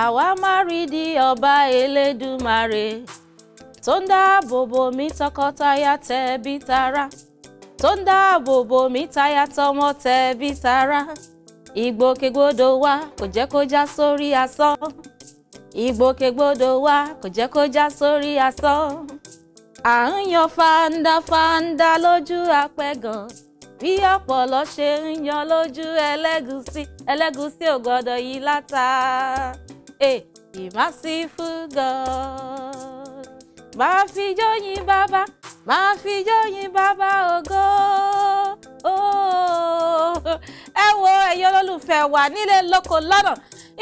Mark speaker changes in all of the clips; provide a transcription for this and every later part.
Speaker 1: àwa má rí ọba elédùmarè tó ń dáàbò bò mí tọkọtaya tẹbí tará tó ń dáàbò bò tọmọ tẹbí tará ìgbòkègbodò wa kò jẹ́ kó já sórí asán ìgbòkègbodò wa kò jẹ́ kó já sórí asán à ń yan fanda fanda lójú apẹ̀gàn bí ọ̀pọ̀lọ́ ṣe ń yan lójú ẹlẹ́gùsí ẹlẹ́gùsí ò gbọ́dọ̀ yí láta. hey, you merciful God. Ma fi jóyin baba, ma fi jóyin baba ògo. Oh, ẹ wo ẹ̀yin olólùfẹ́ wa nílé lóko lọ́nà.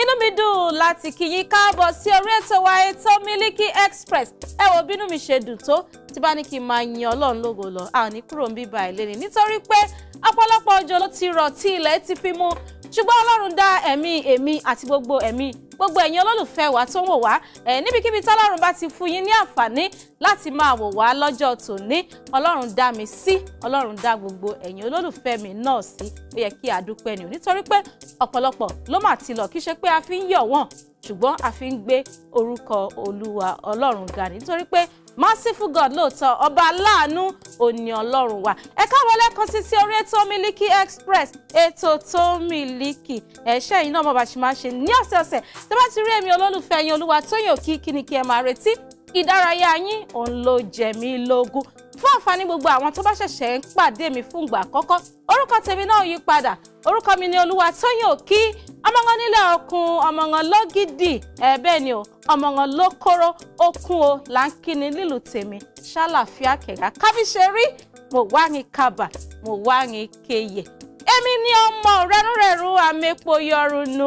Speaker 1: Inú mi dùn láti kí yín káàbọ̀ sí orí ètò wa ètò Miliki Express. Ẹ wo bínú mi ṣe dùn tó tí bá ní kí n máa yin Ọlọ́run lógo lọ. A kúrò ń bíbá ìlérí nítorí pé ọ̀pọ̀lọpọ̀ ọjọ́ ló ti rọ̀ tí ilẹ̀ ti fi mú ṣùgbọ́n ọlọ́run dá ẹ̀mí èmi àti gbogbo ẹ̀mí gbogbo ẹ̀yin olólùfẹ́ wa tó ń wò wá ẹ̀ níbikíbi tọ́lọ́run bá ti fún yín ní àǹfààní láti máa wò wá lọ́jọ́ tòní ọlọ́run dá mi sí ọlọ́run dá gbogbo ẹ̀yin olólùfẹ́ mi náà sí ó yẹ kí a dúpẹ́ ni nítorí pé ọ̀pọ̀lọpọ̀ ló mà ti lọ kí ṣe pé a fi ń yọ̀ wọ́n ṣùgbọ́n a fi ń gbé orúkọ olúwa ọlọ́run ga nítorí pé Masifu god lóòótọ́ ọba aláàánú òní ọlọ́run wa ẹ káwọn lẹ́kan sí sí orí ètò miliki express ètò tó miliki ẹ̀ṣẹ́ yìí náà mo bá ṣe máa ṣe ní ọ̀sẹ̀ọ̀sẹ̀ tó bá ti rí èmi olólùfẹ́ yín olúwa tóyìn òkì kí ni kí ẹ máa retí ìdárayá yín òun ló jẹ mí lógún fún àǹfààní gbogbo àwọn tó bá ṣẹ̀ṣẹ̀ ń pàdé mi fún ìgbà àkọ́kọ́ orúkọ tèmi náà yí padà orúkọ mi ni olúwa tóyìn òkí ọmọngàn nílẹ̀ ọkùn ọmọngàn lọ́gìdì ẹ̀ ni o ọmọngàn lókóró okun o là ń kí ni nílùú tèmi ṣàlàfíà kẹ̀kà kábíṣe rí mo wá ní kábà mo wá ní kéye èmi ni ọmọ rẹrùrẹrù àmẹ́pọ̀ yọrùnú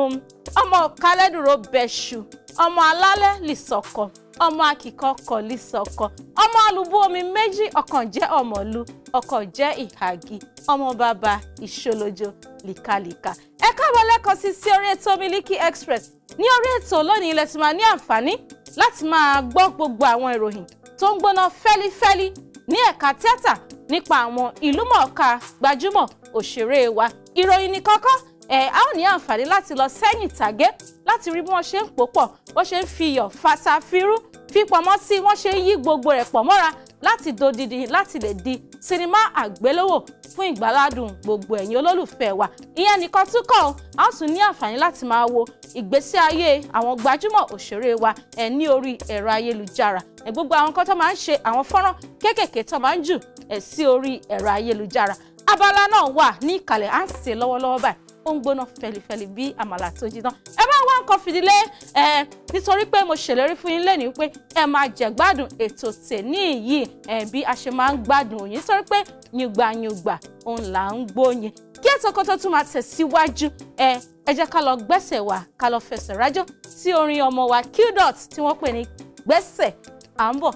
Speaker 1: ọmọ kálẹ́dùró bẹ̀ṣù ọmọ alálẹ́ lìsọ̀kan ọmọ akíkọ kọlí sọkọ ọmọ alùbú omi méjì ọ̀kan jẹ́ ọmọlú ọ̀kan jẹ́ ìhàgì ọmọ bàbá ìṣolójó líkàlíkà ẹ káàbọ̀ lẹ́ẹ̀kan sí sí orí ètò Miliki Express ní orí ètò lónìí ilẹ̀ tí máa ní àǹfààní láti máa gbọ́ gbogbo àwọn ìròyìn tó ń gbóná fẹ́lifẹ́li ní ẹ̀ka tíátà nípa àwọn ìlúmọ̀ọ́ká gbajúmọ̀ òṣèré wa ìròyìn nìkankan ẹ a ó ní àǹfààní láti lọ sẹ́yìn tàgé láti rí bí wọ́n ṣe ń pò bó ṣe ń fi iyọ̀ fatafirú fipamọ́ sí wọ́n ṣe ń yí gbogbo rẹ̀ pọ̀ mọ́ra láti dodidi láti lè di sinimá àgbéléwò fún ìgbáládùn gbogbo ẹ̀yin olólùfẹ́ wa ìyẹn nìkan tún kọ́ ọ́ a ó tún ní àǹfààní láti máa wo ìgbésí ayé àwọn gbajúmọ̀ òṣèré wa ẹ̀ ní orí ẹ̀rọ ayélujára ẹ̀ gbogbo àwọn kan tó máa ń ṣe àwọn fọ́nrán kéékèèké tó máa ń jù ẹ̀ sí orí ẹ̀rọ ayélujára abala náà wà ní ìkàlẹ̀ à ń ṣe lọ́wọ́lọ́wọ́ báyìí ó ń gbóná fẹlifẹli bí àmàlà tó jiná ẹ bá wá nǹkan fìdílé ẹ nítorí pé mo ṣèlérí fún yín lẹ́nu pé ẹ máa jẹ̀gbádùn ètò tèní yìí ẹ bí a ṣe máa ń gbádùn òyìn nítorí pé yùngbàyùngbà òun là ń gbóyin kí ètò kan tún máa tẹ̀síwájú ẹ ẹ jẹ́ ká lọ gbẹ́sẹ̀ wá ká lọ fẹsẹ̀ rájọ́ sí orin ọmọ wa qdot tí wọ́n pè ní gbẹ́sẹ̀ à ń bọ̀.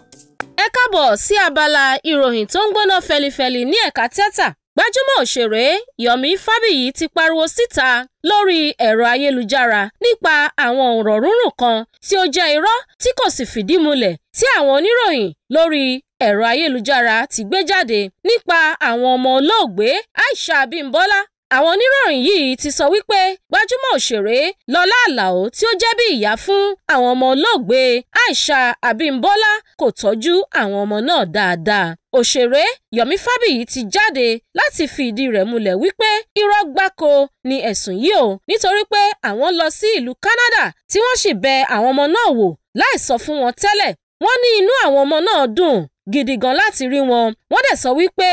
Speaker 1: ẹ káàbọ̀ sí abala ìròyìn tó ń gbóná fẹlifẹli ní ẹ̀ka tíátà gbajúmọ̀ òṣèré yomi fábíyì ti pariwo síta lórí ẹ̀rọ ayélujára nípa àwọn ọ̀rọ̀ rúnrún kan tí ó jẹ́ irọ́ tí kò sì fìdí múlẹ̀ tí àwọn oníròyìn lórí ẹ̀rọ ayélujára ti gbé jáde nípa àwọn ọmọ olóògbé aisha abimbola àwọn oníròyìn yìí ti sọ wípé gbajúmọ̀ òṣèré lọ́lá àlàó tí ó jẹ́ bí ìyá fún àwọn ọmọ olóògbé aisha abimbola kò tọ́jú àwọn ọmọ náà dáadáa òṣèré yomi fabiyi ti jáde láti fi rẹ̀ múlẹ̀ wípé irọ́ gbáko ni ẹ̀sùn yìí o nítorí pé àwọn lọ sí ìlú canada tí wọ́n sì bẹ àwọn ọmọ náà wò láì sọ fún wọn tẹ́lẹ̀ wọ́n ní inú àwọn ọmọ náà dùn gidi gan láti rí wọn wọ́n dẹ̀ sọ wípé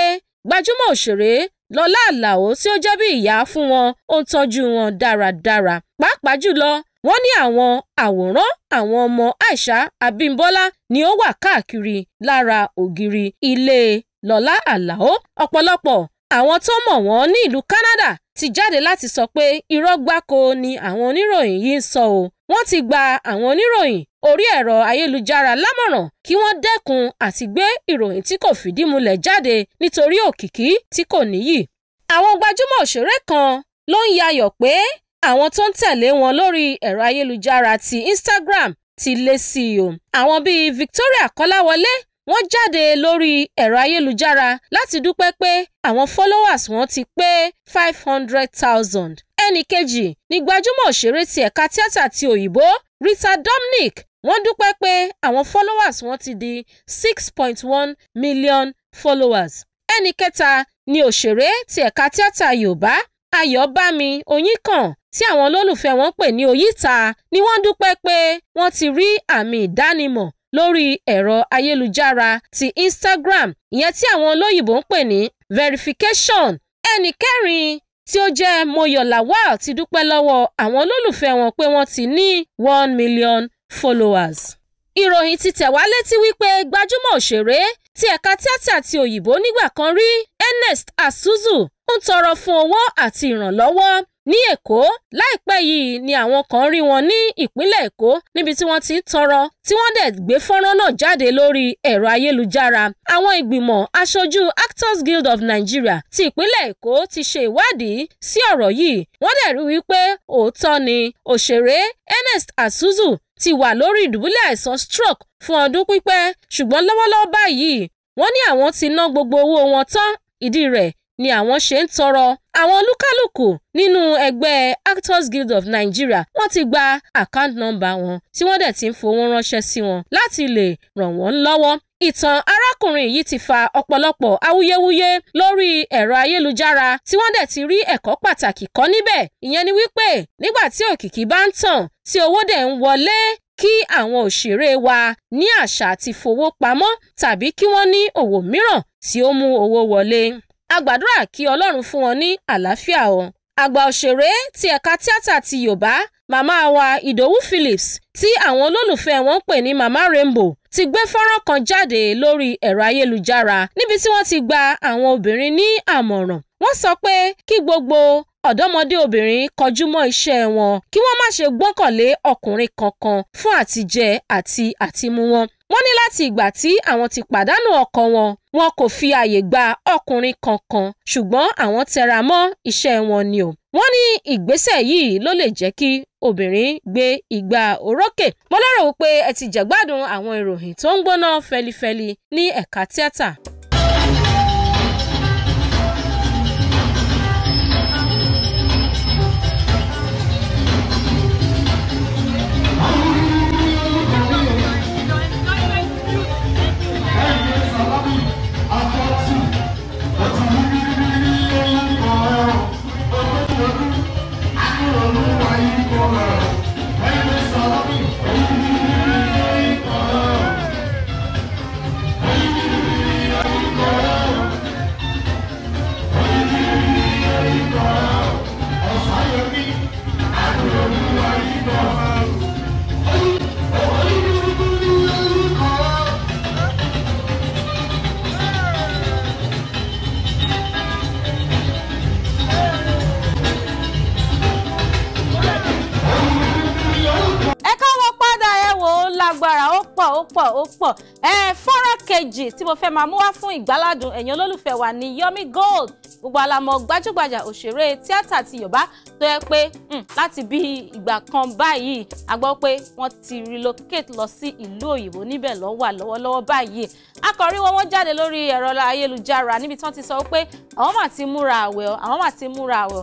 Speaker 1: gbajúmọ̀ òṣèré lọ́lá àlàó tí ó jẹ́ bí ìyá fún wọn ó ń tọ́jú wọn dáradára pàápàá jùlọ wọ́n ní àwọn àwòrán àwọn ọmọ aisha abimbola ni ó wà káàkiri lára ògiri ilé lọ́lá àlàó ọ̀pọ̀lọpọ̀ àwọn tó mọ̀ wọ́n ní ìlú Canada ti jáde láti sọ pé irọ́ gbáko ni àwọn oníròyìn yìí ń sọ o wọ́n ti gba àwọn oníròyìn orí ẹ̀rọ ayélujára lámọ̀ràn kí wọ́n dẹ́kun àti gbé ìròyìn tí kò fìdí múlẹ̀ jáde nítorí òkìkí tí kò níyì. àwọn gbajúmọ̀ òṣèré kan ló ń yayọ̀ pé àwọn tó ń tẹ̀lé wọn lórí ẹ̀rọ ayélujára ti Instagram ti lé sí i o. àwọn bíi Victoria Kọ́láwọlé wọ́n jáde lórí ẹ̀rọ ayélujára láti dúpẹ́ pé àwọn followers wọn ti pé five hundred thousand. ẹnì kejì ni gbajúmọ̀ òṣèré ti ẹ̀ka tíátà ti òyìnbó Rita Dominic wọ́n dúpẹ́ pé àwọn followers wọn ti di six point one million followers. ẹnì kẹta ni òṣèré ti ẹ̀ka tíátà yorùbá ayọ̀bámi oyinkan tí àwọn olólùfẹ́ wọn pè ní oyíta ni wọ́n dúpẹ́ pé wọ́n ti rí àmì ìdánimọ̀ lórí ẹ̀rọ ayélujára ti instagram ìyẹn tí àwọn olóyìnbó ń pè ní verification ẹnì kẹrin tí ó jẹ́ moyo lawal ti dúpẹ́ lọ́wọ́ àwọn olólùfẹ́ wọn pé wọ́n ti ní one million followers. ìròyìn ti tẹ̀ wá létí wípé gbajúmọ̀ òṣèré ti ẹ̀ka tíátà ti òyìnbó nígbà kan rí Ernest Asuzu ń tọrọ fún owó àti ìrànlọ́wọ́ ní Èkó láìpẹ́ yìí ni àwọn kan rí wọn ní ìpínlẹ̀ Èkó níbi tí wọ́n ti ń tọrọ tí wọ́n dẹ̀ gbé fọ́nrán náà jáde lórí ẹ̀rọ ayélujára àwọn ìgbìmọ̀ aṣojú Actors Guild of Nigeria ti ìpínlẹ̀ Èkó ti ṣe ìwádìí sí ọ̀rọ̀ yìí wọ́n dẹ̀ rí wípé òótọ́ ni òṣèré Ernest Asuzu ti wà lórí ìdùbúlẹ̀ àìsàn stroke fún ọdún pípẹ́ ṣùgbọ́n lọ́wọ́lọ́wọ́ báyìí wọ́n ní àwọn ti ná gbogbo owó wọn tán ìdí rẹ̀ ni àwọn ṣe ń tọrọ àwọn olúkálùkù nínú ẹgbẹ́ Actors Guild of Nigeria wọ́n ti gba account number wọn tí wọ́n dẹ̀ ti ń fowó ránṣẹ́ sí wọn láti lè ràn wọ́n lọ́wọ́ ìtàn arákùnrin yìí ti fa ọ̀pọ̀lọpọ̀ awuyewuye lórí ẹ̀rọ ayélujára tí wọ́n dẹ̀ ti rí ẹ̀kọ́ pàtàkì kọ́ níbẹ̀ ìyẹn ni wípé nígbà tí òkìkí bá ń tàn tí owó dẹ̀ ń wọlé kí àwọn òṣèré wa ní àṣà àti fowó pamọ́ tàbí kí wọ́n ní òwò mìíràn tí ó mú owó wọlé a gbàdúrà kí ọlọ́run fún wọn ní àlàáfíà o àgbà òṣèré ti ẹ̀ka tíátà ti yorùbá màmá wa ìdòwú phillips tí àwọn olólùfẹ́ wọn ń pè ní mama rainbow ti gbé fọ́nrán kan jáde lórí ẹ̀rọ ayélujára níbi tí wọ́n ti gba àwọn obìnrin ní àmọ̀ràn wọ́n sọ pé kí gbogbo ọ̀dọ́mọdé obìnrin kọjú mọ́ iṣẹ́ wọn kí wọ́n má ṣe gbọ́kànlé ọkùnrin kankan fún àtijẹ àti àtimú wọn. wọ́n ní láti ìgbà tí àwọn ti pàdánù ọkọ wọn wọn kò fi àyè gba ọkùnrin kankan ṣùgbọ́n àwọn tẹra mọ́ iṣẹ́ wọn ni o. wọ́n ní ìgbésẹ̀ yìí ló lè jẹ́ kí obìnrin gbé igbá orókè. mo lérò wípé ẹ ti jẹ̀gbádùn àwọn ìròyìn tó ń gbóná fẹlifẹli ní ẹ̀ka tíátà. púpọ̀ fọ́nrán kejì tí mo fẹ́ máa mú wá fún ìgbáládùn ẹ̀yin olólùfẹ́ wa ní Yomi Gold gbogbo alamọ̀ gbajúgbajà òṣèré tíátà ti Yorùbá tó yẹ pé hmm, láti bí ìgbà kan báyìí a gbọ́ pé wọ́n ti relocate lọ sí ìlú òyìnbó níbẹ̀ ló wà lọ́wọ́lọ́wọ́ báyìí akọ̀rí wọn wọ́n jáde lórí ẹ̀rọ ayélujára níbi tí wọ́n ti sọ pé àwọn mà ti múra àwẹ̀ àwọn mà ti múra àwẹ̀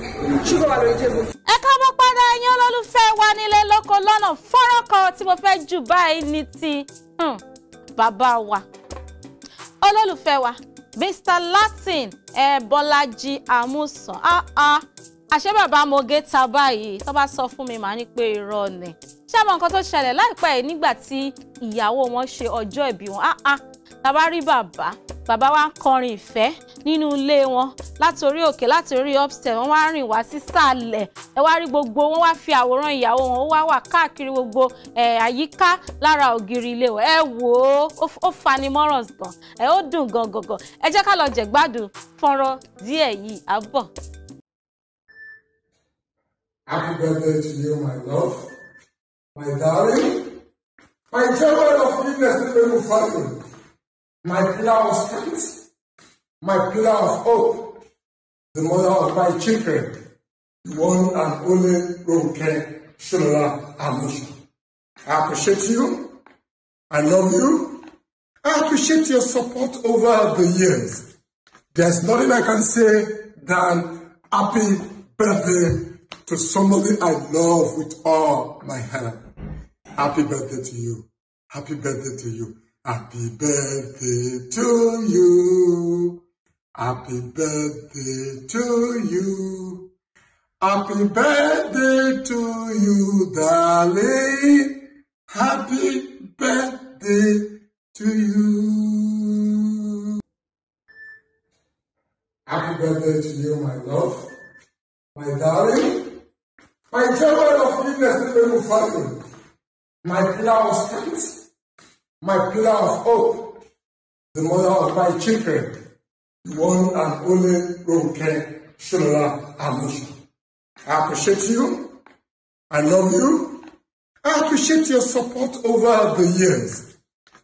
Speaker 2: ṣúgà wà lórí tébù.
Speaker 1: ẹ káàbọ̀ padà ẹ̀yin olólùfẹ́ wa nílé lóko lọ́nà fọ́nrán kan tí mo fẹ́ jù báyìí ní ti hmm, bàbá wa olólùfẹ́ wa Mr. Latin ẹ eh, Bọ́lájí Àmúsàn ah ah àṣẹ bàbá moge gé ta báyìí tó bá sọ fún mi màá ní pé irọ́ ni ṣé àwọn nǹkan tó ṣẹlẹ̀ láìpẹ́ yìí nígbà tí ìyàwó wọn ṣe ọjọ́ ìbí wọn ah ah tàbá rí bàbá bàbá wa kọrin ìfẹ́ nínú ilé wọn láti orí òkè láti orí upstairs wọn wá rìn wá sísàlẹ̀ ẹ wá rí gbogbo wọn wá fi àwòrán ìyàwó wọn ó wá wà káàkiri gbogbo àyíká lára ògiri ilé wọn ẹ wò ó ó fani mọ́ràn gan ẹ ó dùn gan gọ̀gọ̀ ẹ jẹ́ ká lọ jẹ̀gbádùn fọ́nrán díẹ̀ yìí àbọ̀.
Speaker 2: Happy birthday to you, my love, my darling, my chairman of University Level Family. my pillar of strength, my pillar of hope, the mother of my children, the one and only Roke Shinola Amusha. I appreciate you. I love you. I appreciate your support over the years. There's nothing I can say than happy birthday to somebody I love with all my heart. Happy birthday to you. Happy birthday to you. Happy birthday to you. Happy birthday to you. Happy birthday to you, darling. Happy birthday to you. Happy birthday to you, my love, my darling, my general of goodness, my flower stand my pillar of hope, the mother of my children, the one and only Roke Shinola Amushi. I appreciate you. I love you. I appreciate your support over the years.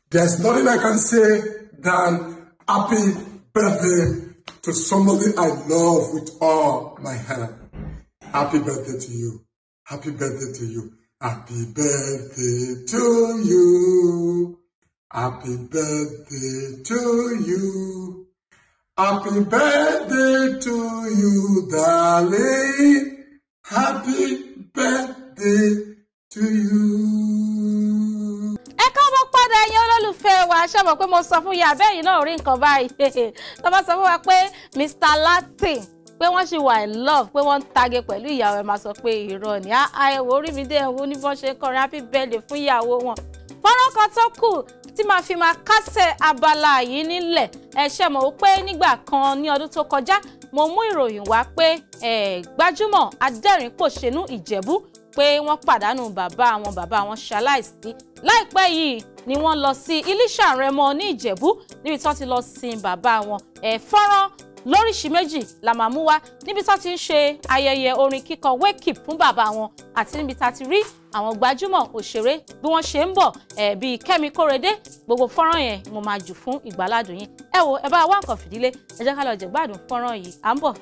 Speaker 2: There's nothing I can say than happy birthday to somebody I love with all my heart. Happy birthday to you. Happy birthday to you. Happy birthday to you. Happy birthday to you. Happy birthday to you, darling. Happy birthday to you.
Speaker 1: ẹ káàbọ̀ padà ẹ̀yin olólùfẹ́ wa ṣe mọ̀ pé mo sọ fún yín abẹ́yìn náà rí nǹkan báyìí tó bá sọ fún wa pé Mr. Latin pé wọ́n ṣì wà in love pé wọ́n ń tage pẹ̀lú ìyàwó ẹ̀ máa sọ pé irọ́ ni àìwò orí mi dé ẹ̀wò ní bọ́n ṣe kọrin happy birthday fún ìyàwó wọn fọ́nrán kan tó kù tí màá fi máa kásẹ̀ abala yìí nílẹ̀ ẹ ṣe mọ̀ ó pé nígbà kan ní ọdún tó kọjá mo mú ìròyìn wá pé gbajúmọ̀ adẹ́rìn-pòṣénú Ìjẹ̀bú pé wọ́n pàdánù bàbá wọn bàbá wọn ṣaláìsí láìpẹ́ yìí ni wọ́n lọ sí Ilíṣà Rẹ́mọ ní Ìjẹ̀bú níbi tí wọ́n ti lọ sin bàbá wọn fọ́nrán lóríṣìí méjì la máa mú wá níbi tó ti ń ṣe ayẹyẹ orin kíkọ wake up fún bàbá wọn àti níbi tá ti rí àwọn gbajúmọ̀ òṣèré bí wọ́n ṣe ń bọ̀ ẹ̀ bíi Kẹ́mi gbogbo fọ́nrán yẹn mo máa jù fún ìgbàládùn yín ẹ wo ẹ bá wá nǹkan fìdílé ẹ jẹ́ ká lọ jẹ̀gbádùn fọ́nrán yìí à ń bọ̀.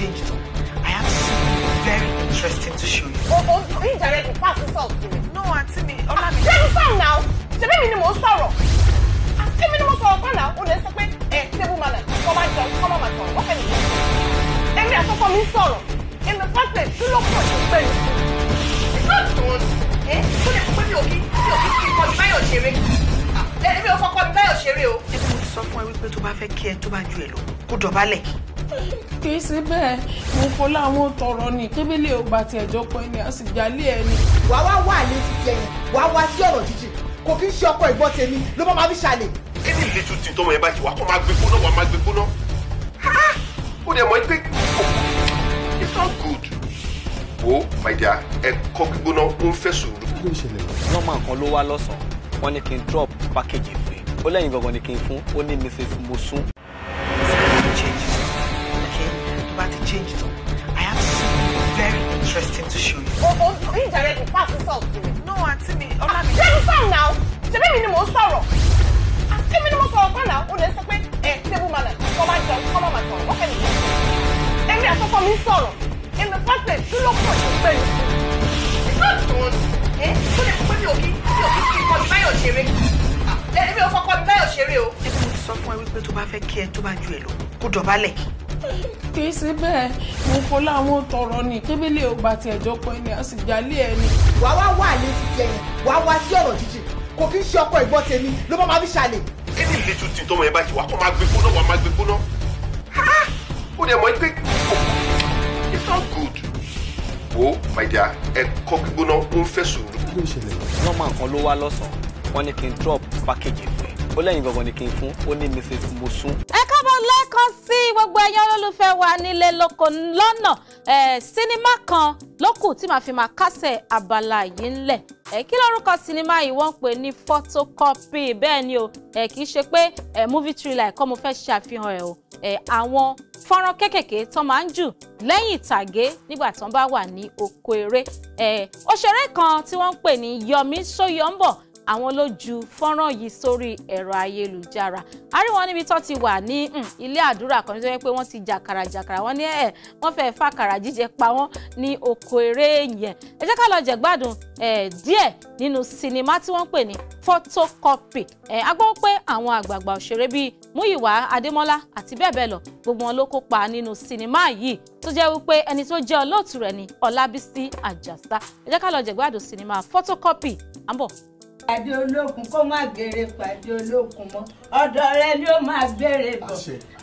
Speaker 2: changed up. I have something very
Speaker 1: interesting to show you. Oh, oh, indirectly pass this out to me. No, Auntie me. Ọlá mi. Ṣé mi sọ̀rọ̀ náà? Ṣé bí mi ni mò ń sọ̀rọ̀? Ṣé ah, mi ni mo sọ̀rọ̀ kan náà? O lè sọ pé ẹ̀ table manner kọ́ máa jẹun kọ́ máa sọ̀rọ̀ wọ́n fẹ́mi. Èmi àtọ́kọ mi sọ̀rọ̀. Èmi pàṣẹ kí ló pọ̀ ní pẹ̀lú. Ẹ kó lè pé mi okay. kí mi ò kí kí kọ́ mi báyọ̀ ṣeré. Ah, Ẹni mi ò fọkọ mi báyọ̀ ṣeré o. Ẹni mo ti sọ fún ẹ wípé tó bá fẹ́ kí ẹ tó bá ju ẹ lọ kó dọ̀bálẹ̀ kì í sí bẹ́ẹ̀ mo fọlá àwọn tọrọ ni kébélé ò bá tiẹ̀ jọ ẹni a ẹni. wà á wá wà ní títí ẹ̀yìn wà á wá sí ọ̀rọ̀ jíjì
Speaker 2: kò kí ń ṣe ọkọ ìgbọ́ tèmi ló bá máa fi ṣàlè. kí ni ìletò tí tọmọ yẹn bá ti wà kó máa gbé gbóná wà máa gbé gbóná. ó dẹ̀ mọ̀ pé it's not good. wo my dear ẹ̀kọ́ gbígbóná ó ń fẹ́ sùúrù. nọ́ọ̀mà kan ló wá lọ́sàn-án wọ́n ní kí
Speaker 1: bá ti change tán I have something very interesting to show you. o oh, o oh, indirectly oh, pass this out to me. no me. aunty mi ọlámi. Ah, ṣé mi sọ̀rọ̀ náà ṣebí mi ni mò ń sọ̀rọ̀ ṣebí ni mo sọ̀rọ̀ pàlà ah, o lè sọ pé ẹ eh, table manner kọ́ máa jẹun kọ́ máa sọ̀rọ̀ wọ́n kẹ́lẹ́ yẹn. èmi àtọkọ mi sọ̀rọ̀ èmi pàṣẹ kí ló pọ̀ sí pẹ̀lú. ó lè pé mi ò eh? kí mi ò kí kí kọ́ mi báyọ̀ ṣeré ah, eh, èmi ò fọkọ mi báyọ̀ ṣeré o. ẹ bí mo ti sọ fún ẹ wípé tó bá fẹ́ kí ẹ tó bá ju ẹ lọ kó dọ̀bálẹ̀ kì í ṣe bẹ́ẹ̀ mo fọ́ láwọn tọrọ ni kébélé ọgbà tí ẹ̀jọ́ pọ̀ ẹni a sì jálé ẹni. wàá wá wà ní títí ẹ̀yìn wàá wá sí ọ̀rọ̀ jíjìn
Speaker 2: kò kí ń ṣe ọkọ ìgbọ́ tèmi ló bá máa fi ṣàlè. kí ni ìletò tí tọmọ ẹ bá jẹ wàá kọ́ máa gbé gbóná wàá máa gbé gbóná. ó dẹ̀ mọ́ ẹ pé oh, it's not good. wo my dear ẹ̀kọ́ gbígbóná ó ń fẹ́ sùúrù. kí ló ṣẹlẹ̀? wọ́n kan ló wá lọ́sàn-án wọ́n ní kí n drop package ó lẹ́yìn gangan ni kí n fún ó ní mrs mosun.
Speaker 1: ẹ káàbọ̀ lẹ́ẹ̀kan sí gbogbo ẹ̀yàn olólùfẹ́ wa nílé lóko lọ́nà sinimá kan lókù tí màá fi máa kásẹ̀ abala yìí ńlẹ̀ ẹ kí lórúkọ sinimá yìí wọ́n ń pè ní photocopy bẹ́ẹ̀ ni o ẹ kì í ṣe pé ẹ movie trailer ẹ̀kọ́ mo fẹ́ ṣe àfihàn ẹ̀ o ẹ àwọn fọ́nrán kéékèèké tán máa ń jù lẹ́yìn ìtàgé nígbà tán bá wà ní oko eré ẹ òṣèré kan tí wọ́n ń pè ní Yomi Soyombo àwọn ló ju fọ́nrán yìí sórí ẹ̀rọ ayélujára a rí wọn níbi tó ti wà ní hmm, ilé àdúrà kan tó yẹ pé wọ́n ti jàkàrà jàkàrà wọ́n ní ẹ̀ wọ́n fẹ́ fàkàrà jíjẹ pa wọ́n ní oko eré yẹn ẹ jẹ́ ká lọ jẹ̀gbádùn díẹ̀ nínú sinimá tí wọ́n pè ní photocopy ẹ a gbọ́ pé àwọn àgbààgbà òṣèré bíi Múyìwá Adémọ́lá àti bẹ́ẹ̀ bẹ́ẹ̀ lọ gbogbo wọn ló kópa nínú sinimá yìí tó jẹ́ wípé ẹni tó jẹ́ olóòtú rẹ̀ ni Ọlábísí Àjàsá ẹ jẹ́ ká lọ jẹ̀gbádùn sinimá photocopy à pàdé olókun kó má gbére pàdé olókun mọ́ ọ̀dọ̀ rẹ ni ó máa gbére bọ̀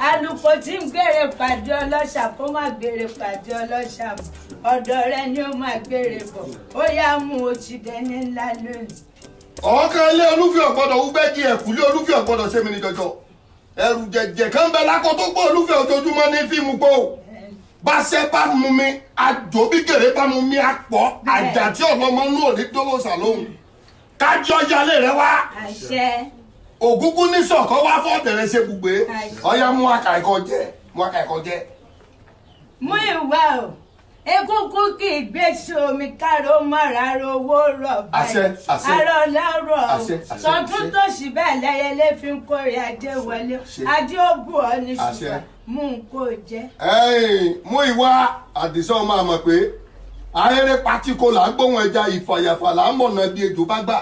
Speaker 1: alùpùpù tí ń gbére pàdé ọlọ́ṣà kó má gbére pàdé ọlọ́ṣà mọ́ ọ̀dọ̀ rẹ ni ó máa gbére bọ̀ ó yá mú oṣù dẹni ńlá lónìí. ọ̀ọ́kan
Speaker 2: ilé olúfin ọ̀gbọ́dọ̀ wúgbẹ́ di ẹ̀kú ilé olúfin ọ̀gbọ́dọ̀ ṣe mí ní jọjọ ẹrù jẹjẹ kan bẹ lákọ tó gbọ́ olúfin ojoojúmọ́ ní fíìmù gbọ́ báṣẹ bá mú mi àjò bí gèrè bá mú mi àpọ̀ àjà tí ọlọ́mọ nù ò ní dọ́lọ́sà lóhùn. ka ọjà rẹ wá ògúngún ní sọ̀kọ́ wá fọ́ọ̀dẹ̀rẹ̀ ṣe gbùgbé ọyá mú àkà jẹ mú àkà jẹ.
Speaker 1: mú ìwà o egungun kì í gbé sómi káró mọ́ra owó rọ̀ báyìí arọ lọ́rọ̀ o tó sì bẹ́ẹ̀ lẹ́yẹlé fi ń kórè adé wọlé adé ọ ní ṣùgbọ́n mú un
Speaker 2: kó arẹ́rẹ́ patiko là ń gbóhùn ẹja ìfàyàfà là ń mọ̀nà bí ejò bá gbà